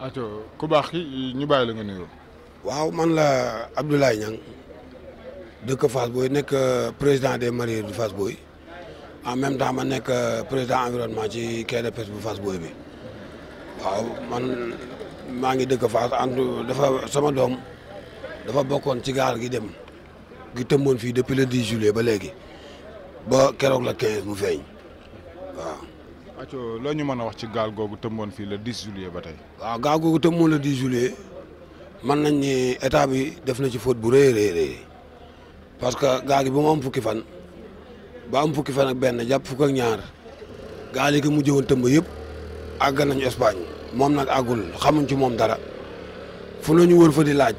ato ku baax ki ñu bàyyi la nga nuyoo. waaw man la Abdoulaye Niang dëkk Fass Boye nekk euh, président des mairies du Fass Boye en même temps ma nekk euh, président environnement ci quai de pêche bu Fass Boye bi waaw man maa ngi dëkk Fass ànd dafa sama doom dafa bokkoon ci gaal gi dem gi tëmboon fii depuis le 10 juillet ba léegi ba keroog la 15 mu feeñ waaw. acco loo ñu mën a wax ci gaal googu tëmboon fii le 10 juillet ba tey. waaw gaal googu tëmboon le 10 juillet mën nañ ni état bi def na ci faute bu rëy rëy parce que gaal gi ba mu am fukki fan ba am fukki fan ak benn jàpp fukk ak ñaar gaal yi ko mujjee woon tëmb yëpp àgg nañu Espagne moom nag àggul xamuñ ci moom dara fu nañu wër fa di laaj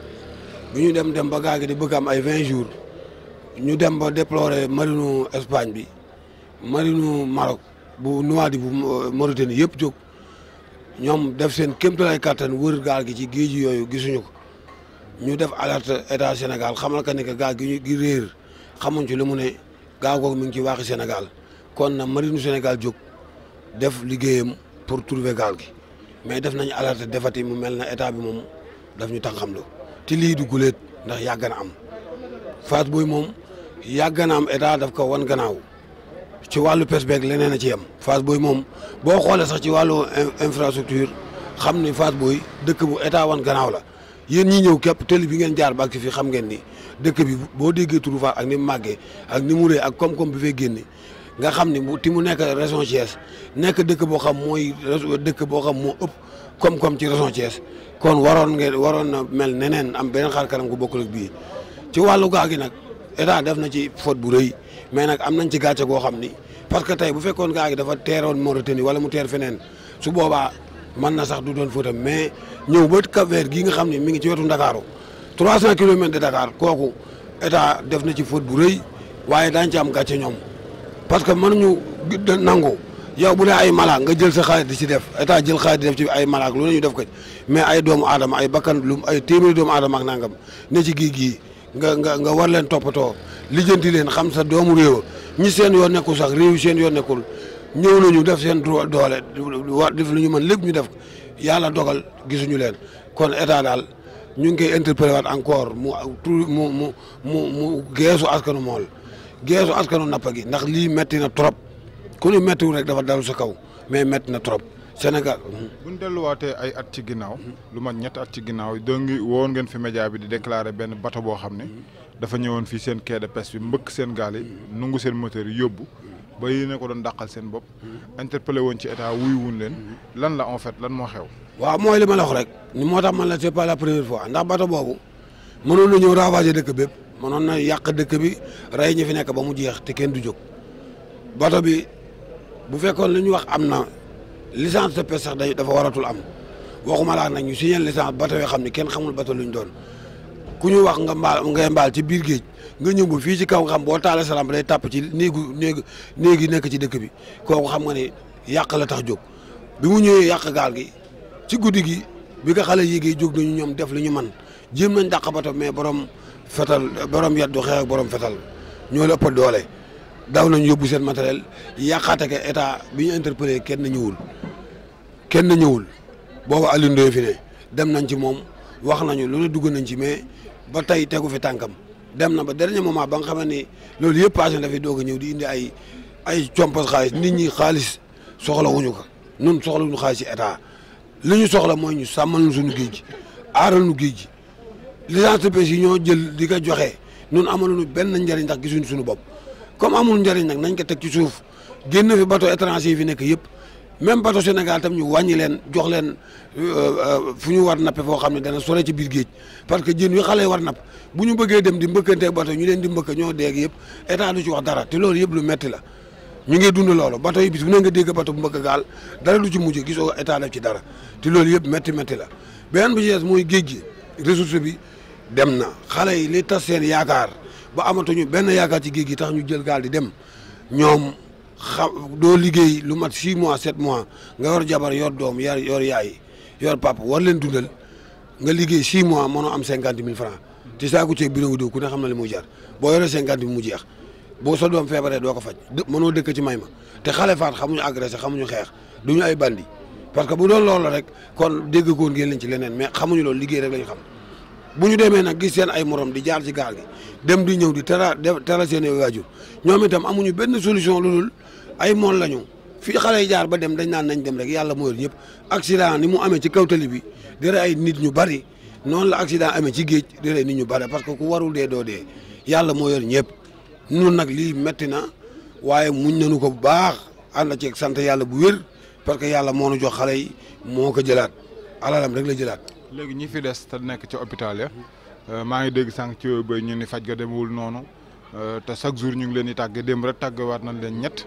bi ñu dem dem ba gaal di bëgg am ay 20 jours ñu dem ba déplorer marinu Espagne bi marinu Maroc. bu Nouadhibou bu Mauritanie yëpp jóg ñoom def seen kéemtalaay kattan wër gaal gi ci géej yooyu gisuñu ko ñu def alerte état Sénégal xamal ka ni que gaal gi gi réer xamuñ ci lu mu ne gaal googu mi ngi ci waaxi Sénégal kon na marine Sénégal jóg def liggéeyam pour trouver gaal gi mais def nañ alerte defati mu mel na état bi moom daf ñu tax xam lu te lii du guleet ndax yàgg na am Fass Boye moom yàgg na am état def ko wan gannaaw. ci wàllu perspex leneen a ci yem Fass Boye moom boo xoolee sax ci wàllu infrastructure xam ni Fass Boye dëkk bu état wan gannaaw la yéen ñi ñëw képp tëli bi ngeen jaar ba ci fi xam ngeen ni dëkk bi boo déggee turu Fass ak ni mu màggee ak ni mu rëy ak koom-koom bi fay génne nga xam ni bu ti mu nekk région Thiès nekk dëkk boo xam mooy dëkk boo xam moo ëpp koom-koom ci région Thiès kon waroon ngeen waroon na mel neneen am beneen xar kanam ku bokkul ak bii ci wàllu gaa gi nag état def na ci faute bu rëy. mais nag am nañ ci gàcce goo xam ni parce que tey bu fekkoon gaa gi dafa teeroon Mauritanie wala mu teer feneen su boobaa mën na sax du doon fóotam mais ñëw bët Cap-Vert gii nga xam ne mi ngi ci wetu Ndakaaru 300 kilomètres de Dakar kooku état def na ci faute bu rëy waaye daan ci am gàcce ñoom parce que ñu nangu yow bu dee ay mala nga jël sa xaalis di ci def état jël xaalis di def ci ay mala ak lu ne ñu def ko mais ay doomu aadama ay bakkan lu ay téeméeri doomu aadama ak nangam ne ci géej gi nga nga nga war leen toppatoo. lijjanti leen xam sa doomu réew ñi seen yoon nekkul sax réew seen yoon nekkul ñëw nañu def seen doole wa def lu ñu mën lépp ñu def yàlla dogal gisuñu leen kon état daal ñu ngi koy interpellé waat encore mu mu mu mu mu geesu askanu mool geesu askanu nappa gi ndax lii metti na trop ku ñu rek dafa dalu sa kaw mais metti na trop Sénégal. Mm-hmm. bu delluwaatee ay at ci ginnaaw. lu mat ñetti at ci ginnaaw doo ngi woon ngeen fi média bi di déclaré benn bato boo xam ne. dafa ñëwoon fii seen quai de pêche bi mbëkk seen gaal yi nungu seen moteur yi yóbbu ba yi ne ko doon dàqal seen bopp interpellé woon ci état wuy wuñ leen lan la en fait lan moo xew waaw mooy li ma la wax rek ni moo tax man la c'est pas la première fois ndax bato boobu mënoon na ñëw ravager dëkk bépp mënoon na yàq dëkk bi rey ñi fi nekk ba mu jeex te kenn du jóg bato bi bu fekkoon li ñu wax am na licence de pêche sax dafa waratul am waxuma laa nag ñu signé licence bato yoo xam ne kenn xamul bato lu ñu doon ku ñu wax nga mbaal ngay mbaal ci biir géej nga ñëmb fii ci kaw xam boo taala salam day tàpp ci néegu néegu néegi nekk ci dëkk bi kooku xam nga ne yàq la tax jóg bi mu ñëwee yàq gaal gi ci guddi gi bi nga xale yéegee jóg nañu ñoom def li ñu man jéem nañ dàq bato mais borom fetal borom yaddu xeex ak borom fetal ñoo la ëpp doole daw nañ yóbbu seen matériel yàqaate ke état bi ñu interpellé kenn ñëwul kenn ñëwul boobu Alioune fi ne dem nañ ci moom wax nañu lu ne dugg nañ ci mais ba tey tegu fi tànkam dem na ba dernier moment ba nga xam ni loolu yëpp passé dafay doog a ñëw di indi ay ay compas xaalis nit ñi xaalis soxla wuñu ko nun soxla wuñu xaalis ci état li ñu soxla mooy ñu sàmmal ñu suñu géej gi aaral ñu géej gi les entreprises yi ñoo jël di ko joxe nun amaluñu benn njëriñ ndax gisuñu suñu bopp comme amul njariñ nag nañ ko teg ci suuf génn fi bateau étranger yi fi nekk yëpp même bato Sénégal tam ñu wàññi leen jox leen euh, euh, fu ñu war nappe foo xam ne dana sore ci biir géej parce que jën wi xale war napp bu ñu bëggee dem di mbëkkante bateau ñu leen di mbëkk ñoo deeg yëpp état du ci wax dara loolu yëpp lu metti la ñu ngi dund loolu bateau yi bis bu ne nga dégg bateau bu mbëkk gaal dara du ci mujj gisoo état ci dara te loolu yëpp metti metti la beneen bi ci mooy géej gi ressource bi dem na xale yi li tas yaakaar ba amatuñu benn yaakaar ci géej gi tax ñu jël gaal di dem ñoom xa doo liggéey lu mat 6 mois 7 mois nga yor jabar yor doom yor yor yaay yor papa war leen dundal nga liggéey 6 mois mënoo am 50 000 francs ci saako ceeb bi nga ku ne xam na li muy jar boo yoree 50 mu jeex boo sa doom feebaree doo ko faj mënoo dëkk ci may ma te xale faat xamuñu agressé xamuñu xeex du duñu ay bandi parce que bu doon loolu rek kon dégg koon ngeen leen ci leneen mais xamuñu loolu liggéey rek lañu xam bu ñu demee nag gis seen ay morom di jaar ci gaal gi di ñëw di tera tera seen waajur ñoom itam amuñu benn solution lu dul ay mool lañu fii xale yi jaar ba dem dañ naan nañ dem rek yàlla moo yor ñëpp accident ni mu amee ci kaw tali bi di ay nit ñu bari noonu la accident amee ci géej di rey nit ñu bari parce que ku warul dee doo dee yàlla moo yor ñëpp noonu nag lii métti na waaye muñ nañu ko bu baax ànd ceeg sant yàlla bu wér parce que yàlla moo nu jox xale yi moo ko jëlaat alalam rek la jëlaat. léegi ñi fi des te nekk ci hôpital ya euh, maa ngi dégg sànq ci bay ñu ni faj ga demewul noonu euh, te chaque jour ñu ngi leen di tàgge démb rek tàggewaat nañ leen ñett.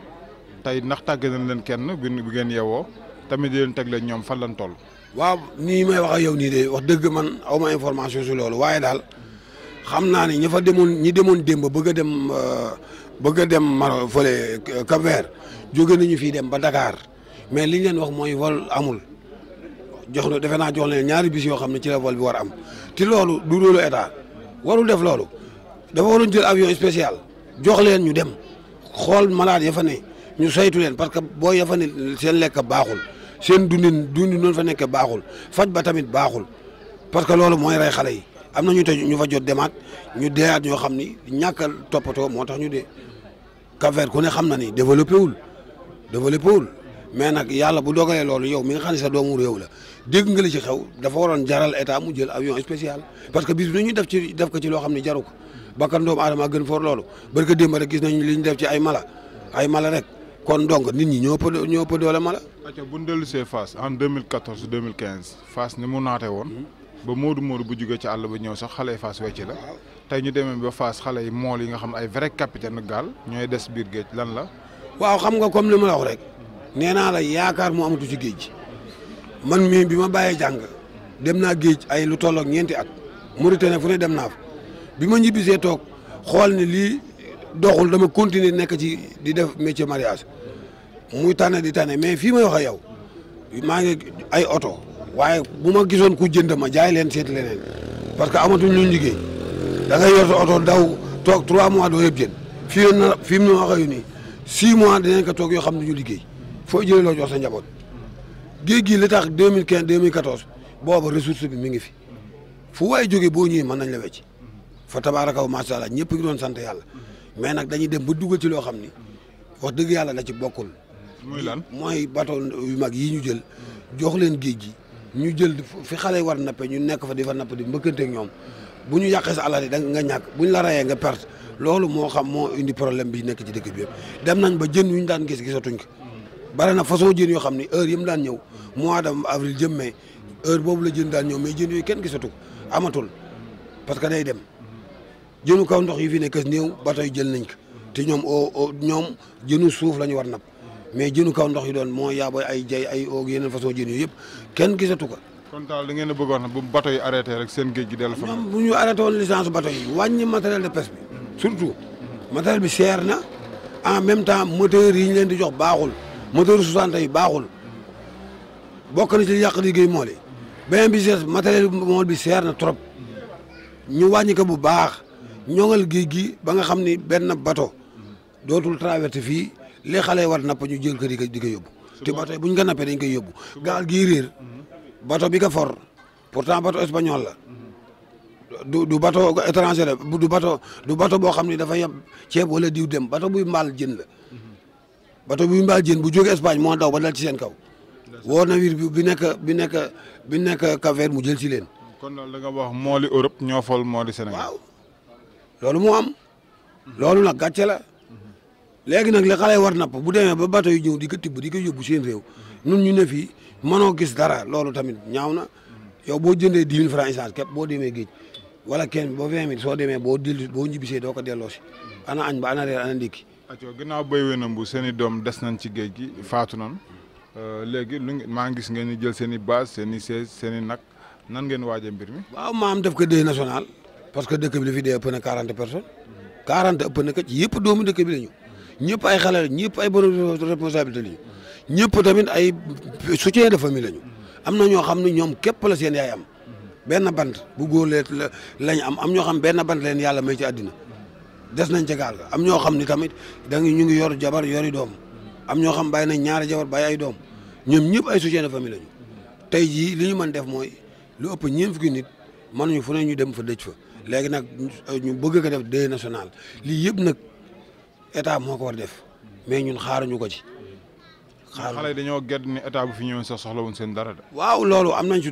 tey ndax tàgg nañ leen kenn bi bu ngeen yeewoo tamit di teg leen ñoom fan lañ tool waaw nii may wax ak yow nii de wax dëgg man aw ma information si loolu waaye daal xam naa ni ña fa demoon ñi demoon démb bëgg a dem euh, bëgg a dem Maroc fële Cap Vert jóge nañu fii dem ba Dakar mais li ñu leen wax mooy vol amul jox na defe naa jox leen ñaari bis yoo xam ne ci la bi war am ti loolu du loolu état warul def loolu dafa waroon jël avion spécial jox leen ñu dem xool malade ya fa ne. ñu saytu leen parce que boo yafa ne seen lekk baaxul seen dundi dundin noonu fa nekkee baaxul faj ba tamit baaxul parce que loolu mooy rey xale yi am na ñu te ñu fa jot demaat ñu deeaat ñoo xam ni ñàkk a toppatoo moo tax ñu dee Cap-Vert ku ne xam na ni développé wul développé wul mais nag yàlla bu dogalee loolu yow mi nga xam ne sa doomu réew la dégg nga li ci xew dafa waroon jaral état mu jël avion spécial parce que bis bi ñu def ci def ko ci loo xam ne jaru ko bakkan doomu aadama gën foor loolu barka démb rek gis nañ li ñu def ci ay mala ay mala rek kon donc nit ñi ñëw ëpp ñëw ëpp doole ma acca bu ñu dellu see Fass en 2014 2015 Fass ni mu naatee woon. Mhm. ba Modou Modou bu jugee ci àll ba ñëw sax xale yi Fass wecc la. tey ñu demee ba Fass xale yi mool yi nga xam ne ay vrai capitaine gaal ñooy des biir géej lan la. waaw xam nga comme li ma la wax rek. nee naa la yaakaar mu amatu ci géej man mii bi ma bàyyee jàng dem naa géej ay lu tollook ñeenti at Mauritanie fu ne dem naa fa bi ma ñibbisee toog xool ne lii doxul dama continuer nekk ci di def métier mariage muy tane di tane mais fii may wax ak yow maa ngi ay oto waaye bu ma gisoon ku jënd ma jaay leen seet leneen parce que amatuñ luñ liggéey da ngay yor oto daw toog 3 mois doo yëpp jën fii yoon na fi mu ne wax ak yow nii 6 mois dinañ ko toog yoo xam ne ñu liggéey foo jëlee loo jox sa njaboot géej gii li tax 2015 2014 booba ressource bi mi ngi fi fu waay jógee boo ñëwee mën nañ la wecc fa tabaaraka macha allah ñëpp ki doon sant yàlla mais nag dañuy dem ba dugal ci loo xam ni wax dëgg yàlla da ci bokkul. muy lan mooy bateau yu mag yi ñu jël jox leen géej gi ñu jël fi xale yi war napp ñu nekk fa di fa napp di mbëkkante ak ñoom bu ñu yàqee sa alal yi nga ñàkk bu ñu la rayee nga perte loolu moo xam moo indi problème bi nekk ci dëkk bi yëpp dem nañ ba jën yu ñu daan gis gisatuñ ko bare na façon jën yoo xam ni heure yi daan ñëw mois de avril jëm mai heure boobu la jën daan ñëw mais jën yooyu kenn gisatu ko amatul parce que day dem jënu kaw ndox yi fi nekk néew bateau jël nañ ko te ñoom o oh, oh, ñoom jënu suuf la ñu war napp mais jënu kaw ndox yi doon ya boy ay jey ay og yeneen façon jën yooyu yëpp kenn gisatu ko kon daal da ngeen a bu bateau yi arrêté rek seen geej gi del fa bu ñu arrêté won licence bateau yi wàññi matériel de pêche bi surtout matériel bi cher na en même temps moteur yi ñu leen di jox baaxul moteur 60 yi baaxul bokk na ci yaq di geey yi beneen bi cher matériel mool bi cher na trop ñu wàññi ko bu baax ñongal geej gi ba nga xamni ben benn bateau dootul traverser fii li xalé war napp ñu jël kër yi ko di ko yóbbu te bato buñu gëna pé dañ koy yóbbu gal gi réer bato bi ka for pourtant bato espagnol la du du bato étranger la du bato du bato bo xamni ne dafa yeb ceeb wala diw dem bato bu mal jën la bato bu mal jën bu jóge Espagne mo daw ba dal ci seen kaw woo wir bi bi bi nek bi nek Cap mu jël ci len kon la nga wax moo li Europe ñoo fol moo di Sénégal am lolu nak gatché la léegi nag li xale war napp bu demee ba bato yu ñëw di ko tibb di ko yóbbu seen réew nun ñu ne fii mënoo gis dara loolu tamit ñaaw na yow boo jëndee dix mille franc essence képp boo demee géej wala kenn ba vingt mille soo demee boo dellu boo ñibbisee doo ko delloo si ana añ ba ana reer ana ndékki acoo gannaaw béy bu seen doom des nañ ci géej gi faatu nañ euh, léegi lu maa ngi gis ngeen ni jël seen i base seen i seen i nag nan ngeen waaje mbir mi waaw maam def ko deuil national parce que dëkk bi li fi dee ëpp na quarante personnes quarante yëpp doomu dëkk bi la ñu ñëpp ay xale lañ ñëpp ay borom responsabilité lañu ñëpp tamit ay soutien de famille ñu am na ñoo xam ne ñoom képp la seen yaay am benn bant bu góor lee lañ am am ñoo xam benn bant leen yàlla may ci àddina des nañ ca gaal ga am ñoo xam ni tamit da nga ñu ngi yor jabar yor yori doom am ñoo xam bàyyi nañ ñaari jabar bàyyi ay doom ñoom ñëpp ay soutien de famille lañu tey jii li ñu mën def mooy lu ëpp ñeent fukki nit mënuñu fu ne ñu dem fa dëj fa léegi nag ñu bëgg ko def deuil national lii yëpp nag état moo ko war def mais ñun xaaruñu ko ci. xaaru xale dañoo gedd ni état bu fi ñëw sax soxla wuñ seen dara de. waaw loolu am nañ ci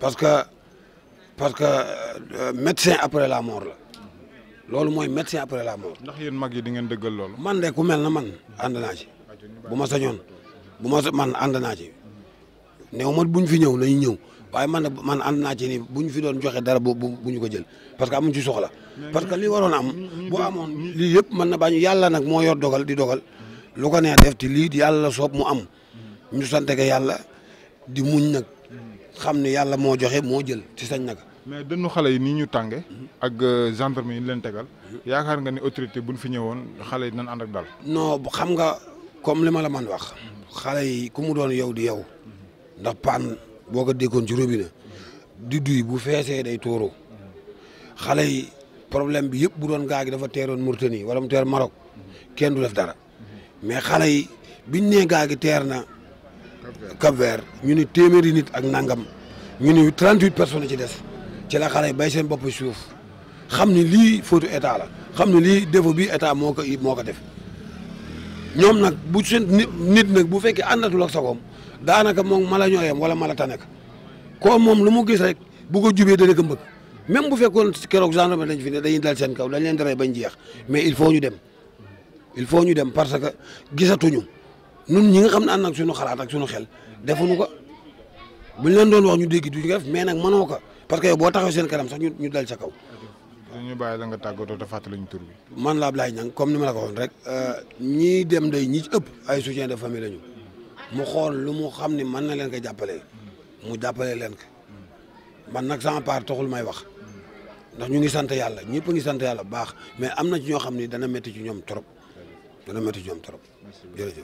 parce que parce que euh, médecin après la mort la loolu mooy médecin après la mort. ndax yéen mag yi di ngeen dëggal loolu. man de ku mel na man ànd naa ci bu ma sañoon bu ma man ànd naa ci néew ma buñ fi ñëw nañu ñëw waaye man man ànd naa ci ni bu ñu fi doon joxe dara bu bu ñu ko jël parce que amuñ ci soxla parce que li waroon am bu amoon lii yëpp man na bañu yàlla nag moo yor dogal di dogal lu ko neex def ti lii yàlla soob mu am ñu sant ko yàlla di muñ nag xam ni yàlla moo joxe moo jël ci sañ nag mais dënnu xale yi nii ñu tànge ak euh, gendarme yi leen tegal yaakaar nga ni autorité buñ fi ñëwoon xale yi dinañ ànd ak dal non xam nga comme li ma la man wax xale yi ku mu doon yow di yow boo ko dékkoon ci robinet di duy bu feesee day tuuru xale yi problème bi yëpp bu doon gaa gi dafa teeroon Mauritanie wala mu teer Maroc kenn du def dara mais xale yi biñ nee gaa gi teer na cap ñu ni téeméeri nit ak nangam ñu ni 38 personnes ci des ci xale yi bay seen bopp suuf xam ni lii faute état la xam ni lii défaut bi état moo ko moo ko def ñoom nag bu seen nit nag bu fekkee àndatul ak sagoom daanaka moom mala ñoo yem wala mala tane ko koo moom lu mu gis rek bu ko jubee dana ko mbëgg même bu fekkoon keroog gendarme dañ fi ne dañuy dal seen kaw dañ leen di rey jeex mais il faut ñu dem il faut ñu dem parce que gisatuñu ñun ñi nga xam ne ànd ak suñu xalaat ak suñu xel defuñu ko buñ leen doon wax ñu dégg duñu mais nag mënoo ko parce que boo taxaw seen kanam sax ñu ñu dal sa kaw. ñu bàyyi la nga tàggatoo te fàttali ñu tur bi. man laa Ablaye Niang comme ni ma la ko waxoon rek euh, ñii dem day ñi ci ëpp ay soutien de famille la ñu. mu xool lu mu xam ni mën na leen ko jàppale mu jàppale leen ko man nag sama part taxul may wax ndax ñu ngi sant yàlla ñëpp ngi sant yàlla bu baax mais am na ci ñoo xam ni dana métti ci ñoom trop dana métti ci ñoom trop jërëjëf.